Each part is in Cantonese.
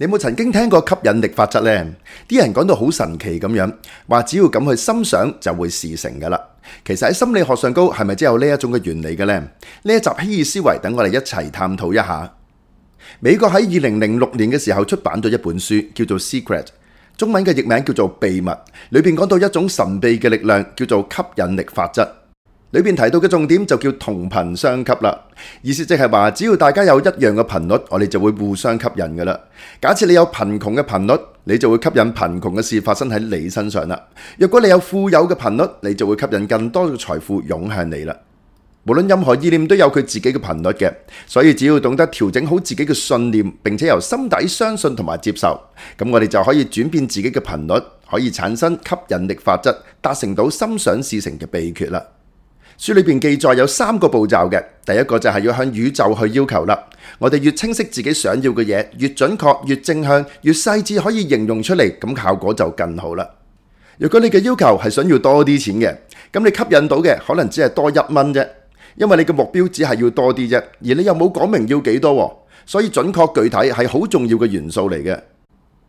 你有冇曾經聽過吸引力法則呢？啲人講到好神奇咁樣，話只要咁去心想就會事成噶啦。其實喺心理學上高係咪真有呢一種嘅原理嘅呢？呢一集希爾思維等我哋一齊探討一下。美國喺二零零六年嘅時候出版咗一本書，叫做《Secret》，中文嘅譯名叫做《秘密》。裏邊講到一種神秘嘅力量，叫做吸引力法則。裏邊提到嘅重點就叫同頻相吸啦，意思即係話，只要大家有一樣嘅頻率，我哋就會互相吸引噶啦。假設你有貧窮嘅頻率，你就會吸引貧窮嘅事發生喺你身上啦。若果你有富有嘅頻率，你就會吸引更多嘅財富湧向你啦。無論任何意念都有佢自己嘅頻率嘅，所以只要懂得調整好自己嘅信念，並且由心底相信同埋接受，咁我哋就可以轉變自己嘅頻率，可以產生吸引力法則，達成到心想事成嘅秘訣啦。書裏邊記載有三個步驟嘅，第一個就係要向宇宙去要求啦。我哋越清晰自己想要嘅嘢，越準確、越正向、越細緻可以形容出嚟，咁效果就更好啦。如果你嘅要求係想要多啲錢嘅，咁你吸引到嘅可能只係多一蚊啫，因為你嘅目標只係要多啲啫，而你又冇講明要幾多，所以準確具體係好重要嘅元素嚟嘅。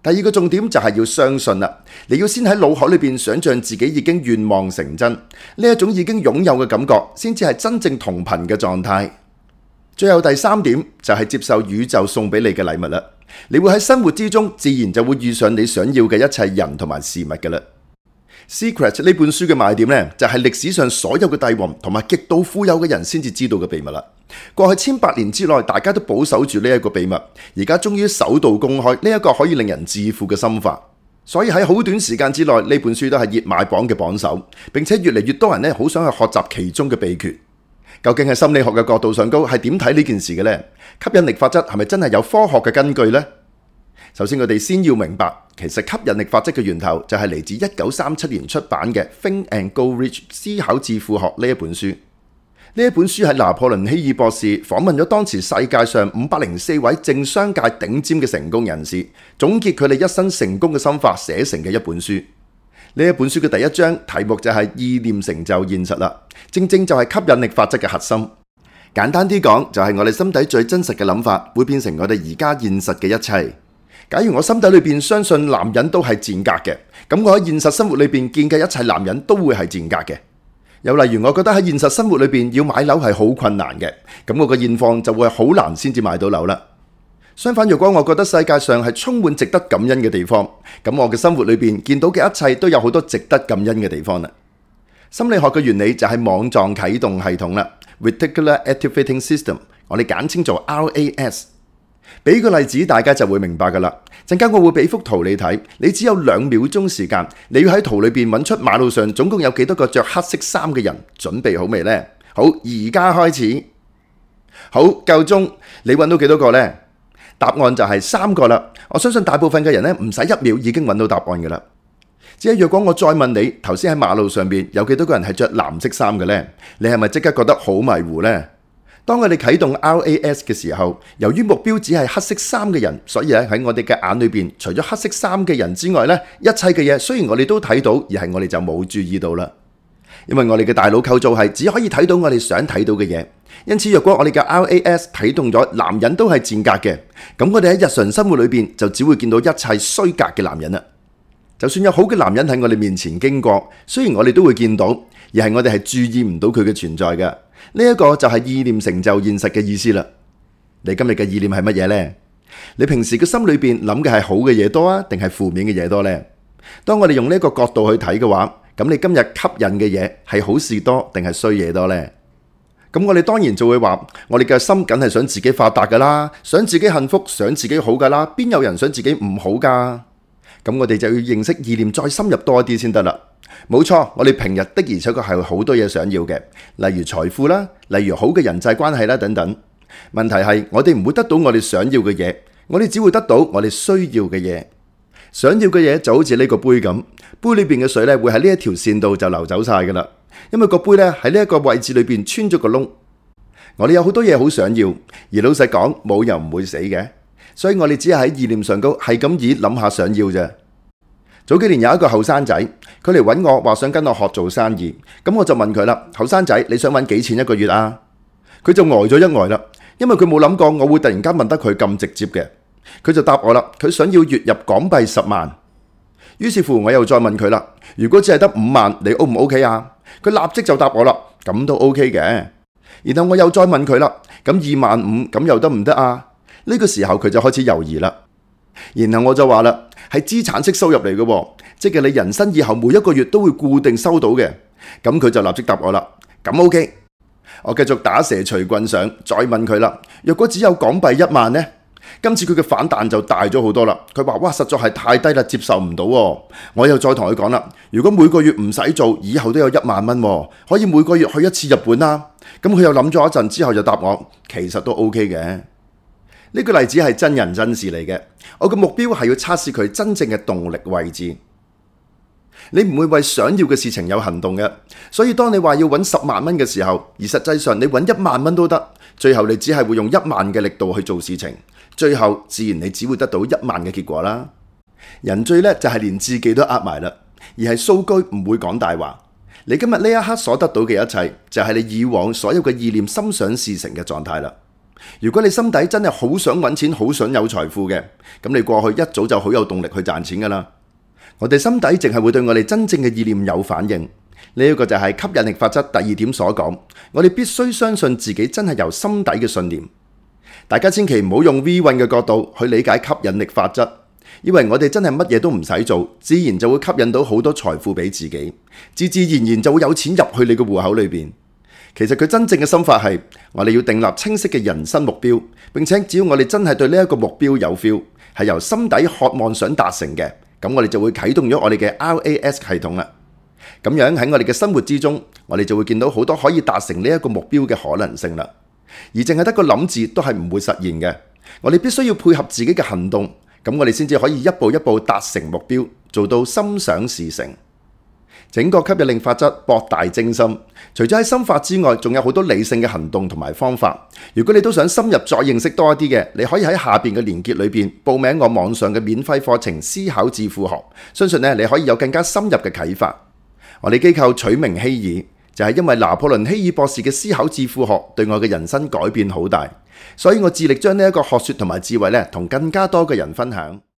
第二個重點就係要相信啦。你要先喺腦海裏邊想象自己已經願望成真，呢一種已經擁有嘅感覺，先至係真正同頻嘅狀態。最後第三點就係接受宇宙送俾你嘅禮物啦。你會喺生活之中自然就會遇上你想要嘅一切人同埋事物㗎啦。Secret 呢本書嘅賣點咧，就係歷史上所有嘅帝王同埋極度富有嘅人先至知道嘅秘密啦。過去千百年之內，大家都保守住呢一個秘密，而家終於首度公開呢一個可以令人致富嘅心法。所以喺好短時間之內，呢本書都係熱賣榜嘅榜首，並且越嚟越多人咧，好想去學習其中嘅秘訣。究竟喺心理學嘅角度上高係點睇呢件事嘅呢？吸引力法則係咪真係有科學嘅根據呢？首先，我哋先要明白，其實吸引力法則嘅源頭就係嚟自一九三七年出版嘅《Think and Grow Rich：思考致富學》呢一本書。呢一本書係拿破崙希爾博士訪問咗當時世界上五百零四位政商界頂尖嘅成功人士，總結佢哋一生成功嘅心法寫成嘅一本書。呢一本書嘅第一章題目就係意念成就現實啦，正正就係吸引力法則嘅核心。簡單啲講，就係我哋心底最真實嘅諗法會變成我哋而家現實嘅一切。假如我心底裏邊相信男人都係賤格嘅，咁我喺現實生活裏邊見嘅一切男人都會係賤格嘅。又例如，我覺得喺現實生活裏邊要買樓係好困難嘅，咁我個現況就會好難先至買到樓啦。相反，如果我覺得世界上係充滿值得感恩嘅地方，咁我嘅生活裏邊見到嘅一切都有好多值得感恩嘅地方啦。心理學嘅原理就係網狀啟動系統啦 （reticular activating system），我哋簡稱做 RAS。俾個例子，大家就會明白噶啦。陣間我會俾幅圖你睇，你只有兩秒鐘時間，你要喺圖裏邊揾出馬路上總共有幾多個着黑色衫嘅人？準備好未呢？好，而家開始。好，夠鐘，你揾到幾多個呢？答案就係三個啦。我相信大部分嘅人咧，唔使一秒已經揾到答案噶啦。只係若果我再問你，頭先喺馬路上邊有幾多個人係着藍色衫嘅呢？你係咪即刻覺得好迷糊呢？當我哋啟動 RAS 嘅時候，由於目標只係黑色衫嘅人，所以咧喺我哋嘅眼裏邊，除咗黑色衫嘅人之外咧，一切嘅嘢雖然我哋都睇到，而係我哋就冇注意到啦。因為我哋嘅大腦構造係只可以睇到我哋想睇到嘅嘢，因此若果我哋嘅 RAS 啟動咗，男人都係賤格嘅，咁我哋喺日常生活裏邊就只會見到一切衰格嘅男人啦。就算有好嘅男人喺我哋面前經過，雖然我哋都會見到，而係我哋係注意唔到佢嘅存在㗎。呢一個就係意念成就現實嘅意思啦。你今日嘅意念係乜嘢呢？你平時嘅心裏邊諗嘅係好嘅嘢多啊，定係負面嘅嘢多呢？當我哋用呢一個角度去睇嘅話，咁你今日吸引嘅嘢係好事多定係衰嘢多呢？咁我哋當然就會話，我哋嘅心梗係想自己發達噶啦，想自己幸福，想自己好噶啦，邊有人想自己唔好噶？咁我哋就要認識意念再深入多一啲先得啦。冇錯，我哋平日的而且確係好多嘢想要嘅，例如財富啦，例如好嘅人際關係啦等等。問題係我哋唔會得到我哋想要嘅嘢，我哋只會得到我哋需要嘅嘢。想要嘅嘢就好似呢個杯咁，杯裏邊嘅水咧會喺呢一條線度就流走晒噶啦，因為個杯咧喺呢一個位置裏邊穿咗個窿。我哋有好多嘢好想要，而老實講冇又唔會死嘅，所以我哋只係喺意念上高係咁意諗下想要啫。早幾年有一個後生仔，佢嚟搵我話想跟我學做生意，咁我就問佢啦：後生仔，你想搵幾錢一個月啊？佢就呆咗一呆啦，因為佢冇諗過我會突然間問得佢咁直接嘅，佢就答我啦：佢想要月入港幣十萬。於是乎我又再問佢啦：如果只係得五萬，你 O 唔 O K 啊？佢立即就答我啦：咁都 O K 嘅。然後我又再問佢啦：咁二萬五咁又得唔得啊？呢個時候佢就開始猶疑啦。然後我就話啦，係資產式收入嚟嘅喎，即係你人生以後每一個月都會固定收到嘅。咁佢就立即答我啦，咁 O K。我繼續打蛇隨棍上，再問佢啦。若果只有港幣一萬呢？今次佢嘅反彈就大咗好多啦。佢話哇，實在係太低啦，接受唔到喎。我又再同佢講啦，如果每個月唔使做，以後都有一萬蚊喎，可以每個月去一次日本啦。咁佢又諗咗一陣之後就答我，其實都 O K 嘅。呢個例子係真人真事嚟嘅，我嘅目標係要測試佢真正嘅動力位置。你唔會為想要嘅事情有行動嘅，所以當你話要揾十萬蚊嘅時候，而實際上你揾一萬蚊都得，最後你只係會用一萬嘅力度去做事情，最後自然你只會得到一萬嘅結果啦。人最叻就係連自己都呃埋啦，而係數據唔會講大話。你今日呢一刻所得到嘅一切，就係你以往所有嘅意念心想事成嘅狀態啦。如果你心底真係好想揾錢，好想有財富嘅，咁你過去一早就好有動力去賺錢噶啦。我哋心底淨係會對我哋真正嘅意念有反應。呢一個就係吸引力法則第二點所講。我哋必須相信自己真係由心底嘅信念。大家千祈唔好用 V 運嘅角度去理解吸引力法則，以為我哋真係乜嘢都唔使做，自然就會吸引到好多財富俾自己，自自然然就會有錢入去你嘅戶口裏邊。其實佢真正嘅心法係，我哋要訂立清晰嘅人生目標，並且只要我哋真係對呢一個目標有 feel，係由心底渴望想達成嘅，咁我哋就會啟動咗我哋嘅 RAS 系統啦。咁樣喺我哋嘅生活之中，我哋就會見到好多可以達成呢一個目標嘅可能性啦。而淨係得個諗字都係唔會實現嘅，我哋必須要配合自己嘅行動，咁我哋先至可以一步一步達成目標，做到心想事成。整個吸引力法則博大精深，除咗喺心法之外，仲有好多理性嘅行動同埋方法。如果你都想深入再認識多一啲嘅，你可以喺下邊嘅連結裏邊報名我網上嘅免費課程《思考致富學》，相信呢你可以有更加深入嘅啟發。我哋機構取名希爾就係因為拿破崙希爾博士嘅《思考致富學》對我嘅人生改變好大，所以我致力將呢一個學說同埋智慧咧同更加多嘅人分享。